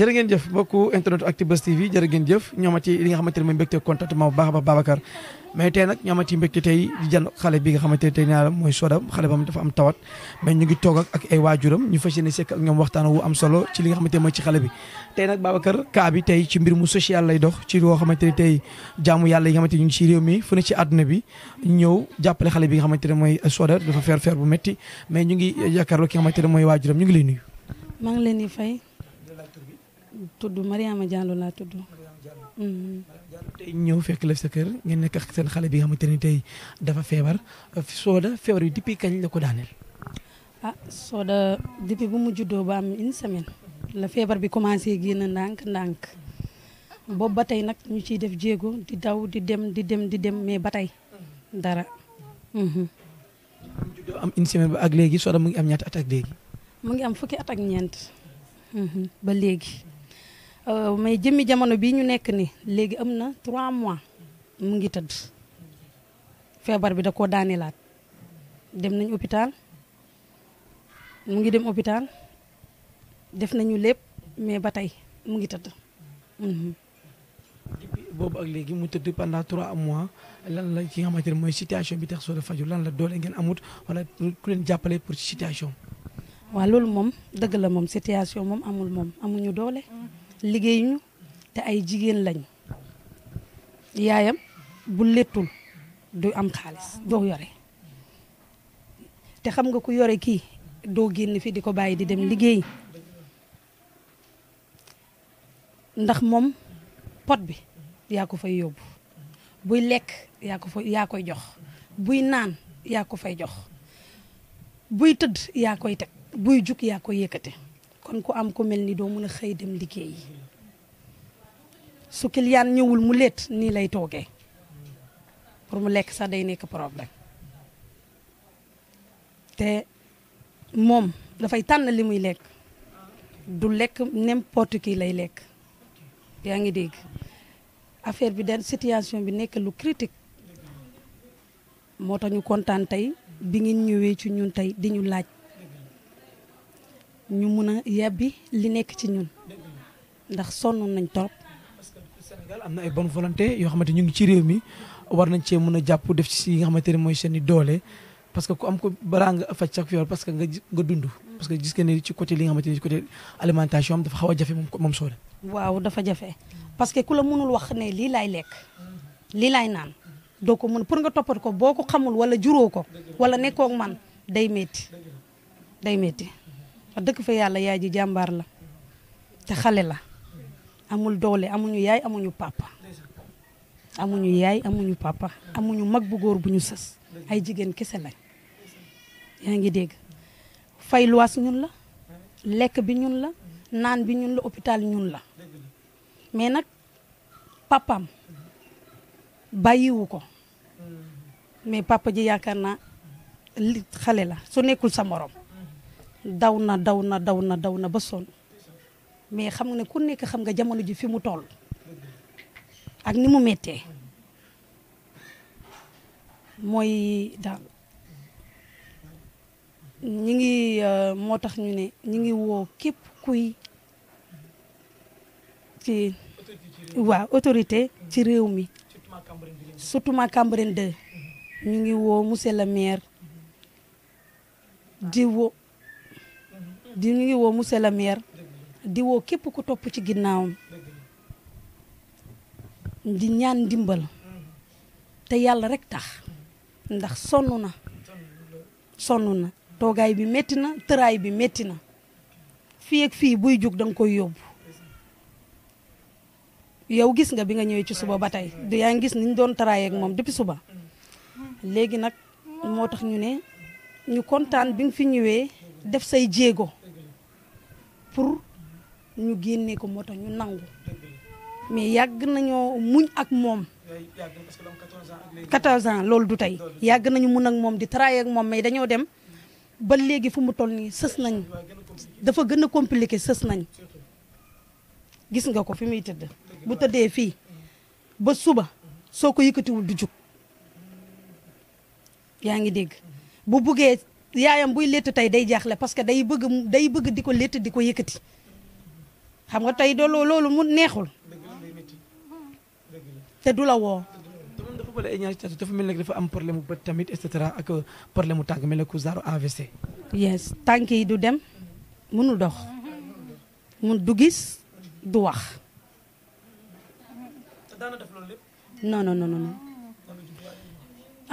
jërë ngeen jëf mbokku internet Actubuzz TV jërë ngeen jëf ñoomati li nga xamante ne mooy mbégte contentement bu baax a baax Babacar mais tey nag ñoomati mbégte tey xale bi nga xamante naa la mooy Soda xale bam dafa am tawat mais ngi toog ak ak ay waajuram ñu fas am solo ci li nga xamante ne mooy ci xale bi tey nag Babacar bi mu social lay dox ci loo xamante ne tey jaamu yàlla yi nga ngi ci réew mi fu ne bi ñëw jàppale xale bi nga xamante ne mooy Soda dafa feer feer bu métti mais ñu ngi yaakaarloo ki nga xamante ne mooy waajuram ñu ngi lay nuyu tudd Mariama Diallo laa tudd. Mm-hmm. tey ñëw fekk la sa kër ngeen nekk ak seen xale bi nga xamante ne tey dafa feebar Soda feebar yi depuis kañ la ko daaneel. ah Soda depuis bu mu juddoo ba am une semaine. la feebar bi commencé génn ndànk ndànk. Mm-hmm. boobu ba tey nag ñu ciy def jéego di daw di dem di dem di dem mais ba tey mm-hmm. dara. juddoo am une semaine ba ak léegi Soda mu ngi am ñaata at ak léegi. mu ngi am fukki at ak ñeent. ba léegi. Euh, mais jëmmi jamono bii ñu nekk ni léegi am na trois mois mu ngi tëdd feebar bi da koo daaneelaat dem nañu hôpital mu ngi dem hôpital def nañu lépp mais ba tey mu ngi tëdd. Mhm. boobu ak léegi mu tëdd pendant trois mois lan la ci nga xamante ne mooy situation bi tax soo la faju lan la doole ngeen amut wala ku leen jàppalee pour situation. waaw loolu moom dëgg moom situation moom amul moom amuñu doole. liggéeyuñu te ay jigéen lañ yaayam bu lettul du am xaalis doo yore te xam nga ku yore kii doo génn fii di ko bàyyi di dem liggéey ndax moom pot bi yaa ko fay yóbbu buy lekk yaa ko fa yaa koy jox buy naan yaa ko fay jox buy tëdd yaa koy teg buy jukk yaa koy yëkkate kon ku am ku mel ni doo mën a xëy dem liggéey su kiliyaan ñëwul mu leet nii lay toogee pour mu lekk sax day nekk problème te moom dafay tànn li muy lekk du lekk n'importe qui lay lekk yaa ngi dégg affaire bi den situation bi nekk lu critique moo tax ñu kontaan tey bi ngeen ñëwee ci ñun tey di ñu laaj ñu mun a yàbbi li nekk ci ñun ndax sonnoon nañ trop. Sénégal am na ay bonne volonté yoo xamante ñu ngi ci réew mi war nañ cee mun a jàpp def ci yi nga xamante ne mooy seen i doole parce que ku am ko balaa nga faj sax yoon parce que nga nga dund. parce que gis nga ni ci côté li nga xamante alimentation am dafa xaw a jafe moom moom Soda. waaw dafa jafe parce que ku la mënul wax ne lii laay lekk lii laay naan doo ko mën pour nga toppat ko boo ko xamul wala juróo ko wala nekkoog man day métti métti. wax dëgg fa yàlla yaay ji jàmbaar la te xale la amul doole amuñu yaay amuñu papa amuñu yaay amuñu papa amuñu mag bu góor bu ñu sës ay jigéen kese lañ yaa ngi dégg fay luwaas ñun la lekk bi ñun la naan bi ñun la hôpital ñun la mais nag papaam bàyyiwu ko mais papa ji yaakaar naa xale la su nekkul sa morom daw na daw na daw na daw na ba sonn mais xam nga ne ku nekk xam nga jamono ji fi mu toll ak ni mu mettee mooy daal ñi ngi euh, moo tax ñu ne ñi ngi woo képp kuy ci waaw autorité ji réew mi surtout ma Cambérène 2 ñu ngi woo monsieur le maire di di ngi woo monsieur le maire di woo képp ku topp ci ginnaawam di ñaan ndimbal te yàlla rekk tax ndax sonn na sonn na toogaay bi metti na tëraay bi metti na fii ak fii buy jug danga koy yóbbu yow gis nga bi nga ñëwee ci suba ba tey di yaa ngi gis ni doon tëraay ak moom depuis suba léegi nag moo tax ñu ne ñu kontaan bi nga fi ñëwee def say jéego pour ñu génnee ko moo ñu nangu mais yàgg nañoo muñ ak moom 14 ans loolu du tey yàgg nañu mun nag moom di travailler ak moom mais dañoo dem ba léegi fu mu toll nii sës nañ dafa gën a compliqué sës nañ gis nga ko fi muy tëdd bu tëddee fii ba suba soo ko yëkkatiwul du jug yaa ngi dégg bu buggee yaayam buy létt tey day jaaxle parce que day bëgg day bëgg di ko létt di ko yëkkati xam nga tey doo loolu mun neexul te du la woo. dafa bële ñaari catu mel ne dafa am problème bu bët tamit et cetera ak euh, problème mu tànk mel ne ku zaaru AVC. yes tànk yi du dem mënul dox mun du gis du wax. non non non non.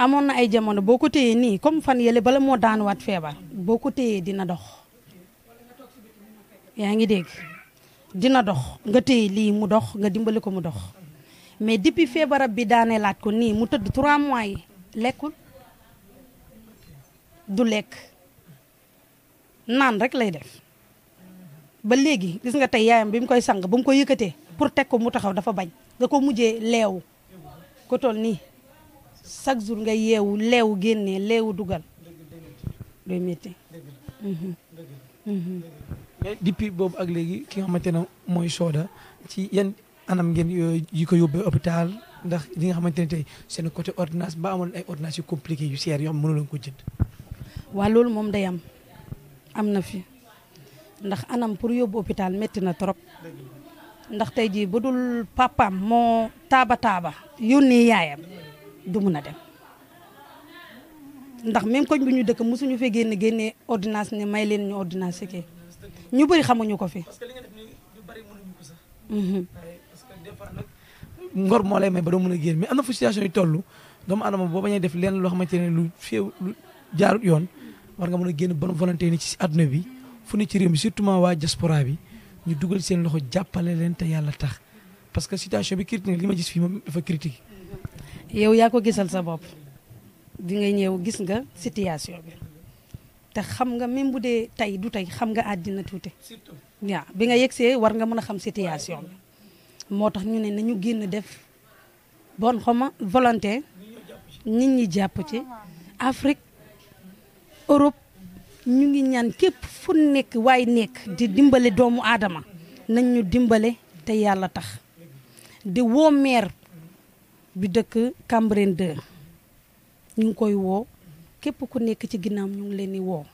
amoon na ay jamono boo ko téyee nii comme fan yële bala moo daan daanuwaat feebar boo ko téyee dina dox yaa ngi dégg dina dox nga téye lii mu dox nga dimbali ko mu dox mais depuis feebarab bi daanee laat ko nii mu tëdd 3 mois yi lekkul du lekk naan rek lay def ba léegi gis nga tey yaayam bi mu koy sang ba mu koy yëkkatee pour teg ko mu taxaw dafa bañ nga ko mujjee leew ko nii chaque jour nga yeewu leewu génnee leewu dugal doy métti mais boobu ak léegi ki nga xamante ne mooy sooda ci yan anam ngeen yi ko yóbbee hôpital ndax li nga xamante ne tey seen côté ordonnance ba amoon ay ordonnance yu compliqué seer yoo xam mënu leen ko jënd waa loolu moom day am am na fi ndax anam pour yóbbu hôpital métti na trop ndax tey jii bu dul papaam moo taaba taaba yónnee yaayam du mun a dem ndax même koñ bu ñu dëkk mosuñu fee génne génne ordonnance ne may leen ñu ordonnance kii ñu bari xamuñu ko fi. ko sax. Mhm. ngor moo lay may ba doo mën a génn mais am na fu situation yi toll doomu adama boo bañee def lenn loo xamante ne lu yoon war nga mën génn bonne volonté ni ci àdduna bi fu ne ci réew mi surtout waa diaspora bi ñu dugal seen loxo jàppale leen te yàlla tax parce que situation bi critique li ma gis fii moom dafa critique yow yaa ko gisal sa bopp di nga ñëw gis nga situation bi te xam nga même bu dee tey du tey xam nga àddina tuuti waaw bi nga see war nga mën a xam situation bi moo tax ñu ne nañu génn def bon xoma volonté nit ñi jàpp ci Afrique Europe ñu ngi ñaan képp fu nekk waaye nekk di dimbale doomu aadama nañ ñu dimbale te yàlla tax di woo meer bi dëkk Cambérène 2 ñu ngi koy woo képp ku nekk ci ginnaaw ñu ngi leen di woo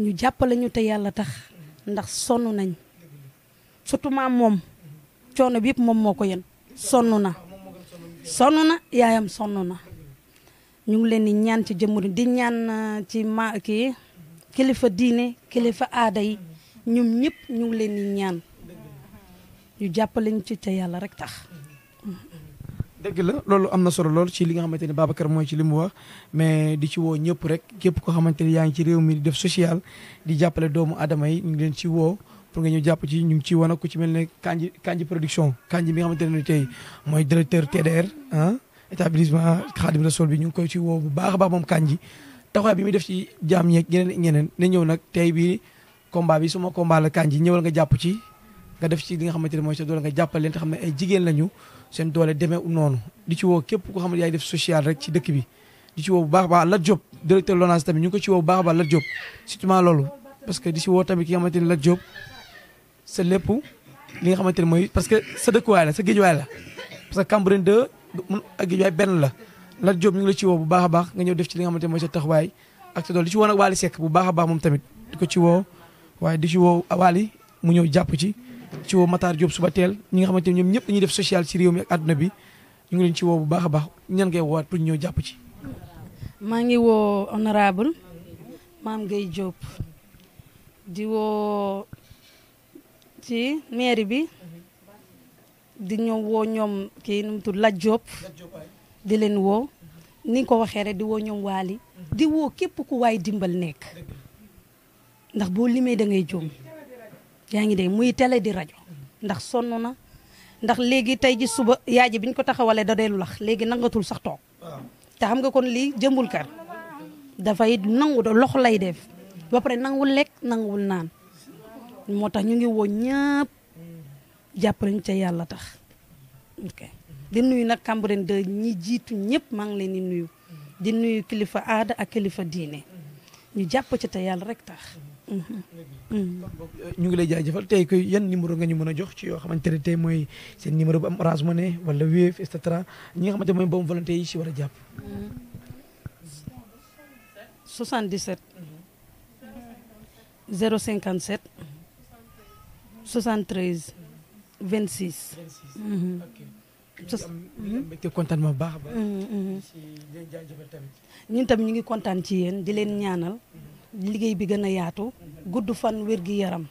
ñu jàppale ñu te yàlla tax ndax sonn nañ surtout moom coono bi yëpp moom moo ko yen sonn na sonn na yaayam sonn na ñu ngi leen di ñaan ci jëmmari di ñaan uh, ci ma kii kilifa diine kilifa aada yi ñoom ñëpp ñu ngi leen di ñaan ñu jàppale ñu ci te yàlla rek tax dëgg la loolu am na solo lool ci li nga xamante ni Babacar mooy ci li mu wax mais di ci woo ñëpp rek képp koo xamante ni yaa ngi ci réew mi di def social di jàppale doomu aadama yi ñu ci woo pour nga ñu jàpp ci ñu ngi ci wan ku ci mel ne Kanji Kanji production Kanji bi nga xamante ne tey mooy directeur TDR ah établissement Khadim Rassoul bi ñu ngi koy ci woo bu baax a baax moom Kanji taxawaay bi muy def ci jaam ñeeg ñeneen ñeneen na ñëw nag tey bi combat bi suma combat la Kanji ñëwal nga jàpp ci nga def ci li nga xamante ne mooy sa doole nga jàppale leen te xam ne ay jigéen lañu seen doole u noonu di ci woo képp koo xam ne yaay def social rek ci dëkk bi di ci woo bu baax a baax Lat Diop directeur LONASE tamit ñu ngi ko ci woo bu a baax Lat Diop surtout loolu parce que di ci woo tamit ki nga xamante ne Lat lépp li nga xamante ne mooy parce que sa dëkkuwaay la sa géejuwaay la parce que Cambérène 2 benn la Lat Diop ñu ngi bu baax a baax nga ñëw def ci li nga xamante ne taxawaay ak sa doole di ci woo nag Waly Seck bu baax a baax moom tamit di ko ci woo waaye di ci woo Waly mu ñëw jàpp ci ci woo Matar Diop suba teel ñi nga xamante ne ñoom ñëpp dañuy def social ci réew mi ak àdduna bi ñu ngi leen ci woo bu baax a baax ñan ngay woowaat pour ñëw jàpp ci. ngi woo honorable Mame Gueye Diop di woo ci mairie bi di ñëw woo ñoom kii nu mu tudd Lat Diop di leen woo ni nga ko waxee rek di woo ñoom waali di woo képp ku waay dimbal nekk ndax boo limee da ngay jóom yaa ngi dégg muy télé di rajo ndax sonn na ndax léegi tey ji suba yaay ji bi ñu ko taxawalee da deelu lax léegi nangatul sax toog te xam nga kon lii jëmbul kar dafay nangu loxo lay def ba pare nanguwul lekk nanguwul naan moo tax ñu ngi woo ñëpp jàppale ñu ca yàlla tax ok di nuyu nag Cambérène de ñi jiitu ñëpp maa ngi leen di nuyu di nuyu kilifa aada ak kilifa diine ñu jàpp ci te yàlla rekk tax Mm-hmm. Mm-hmm. Mm-hmm. Euh, ñu ngi lay jaajëfal tey koy yan numéro nga ñu mën a jox ci yoo xamante ne tey mooy seen numéro bu am Orange Money wala Wave et cetera ñi nga xamante ne mooy boobu volonté yi si war a jàpp. 77. 057. 73. 26. 26 ok. mbégte kontaan ma bu baax a baax. ñun tamit ñu ngi kontaan ci yéen di leen ñaanal. liggéey bi gën a yaatu gudd fan wér-gi-yaram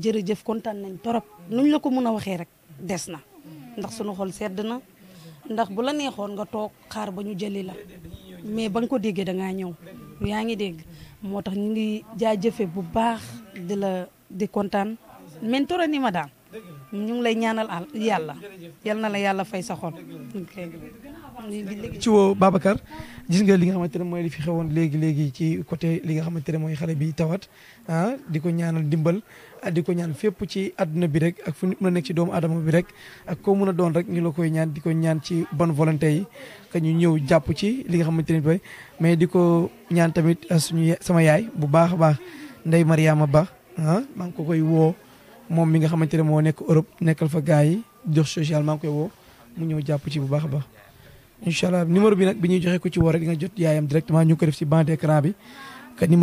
jërëjëf kontaan nañ torop ñu la ko mën a waxee rek des na ndax suñu xol sedd na ndax bu la neexoon nga toog xaar ba ñu jëli la mais ba nga ko déggee da ngaa ñëw yaa ngi dégg moo tax ñu ngi jaajëfe bu baax di la di kontaan men ni ma daal ñu ngi lay ñaanal yàlla yal na la yàlla fay sa xol ci woo Babacar gis nga li nga xamante ne mooy li fi xewoon léegi léegi ci côté li nga xamante ne mooy xale bi tawat ah di ko ñaanal ndimbal ah, di ko ñaan fépp ci àdduna bi rek ak fu nit mën a nekk ci doomu aadama bi rek ak koo mën a doon rek ñu la koy ñaan di ko ñaan ci bonne volonté yi que ñu ñëw jàpp ci li nga xamante ne bi mais di ko ñaan tamit ah, suñu sama yaay bu baax a baax Ndeye Mariama Ba ah maa ngi ko koy woo moom mi nga xamante ne moo nekk Europe nekkal fa gars yi dox social maa ngi koy woo mu ñëw jàpp ci bu baax a baax incha allah numéro bi nag bi ñuy joxe ku ci woo rek jot yaayam directement ñu ngi si def ci ban d'écran bi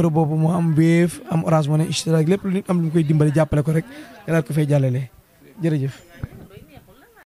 boobu moo am Wave am Orange Money incha allah lépp lu nit am lu koy dimbale jàppale ko rek nga daal ko fay jàllale jërëjëf.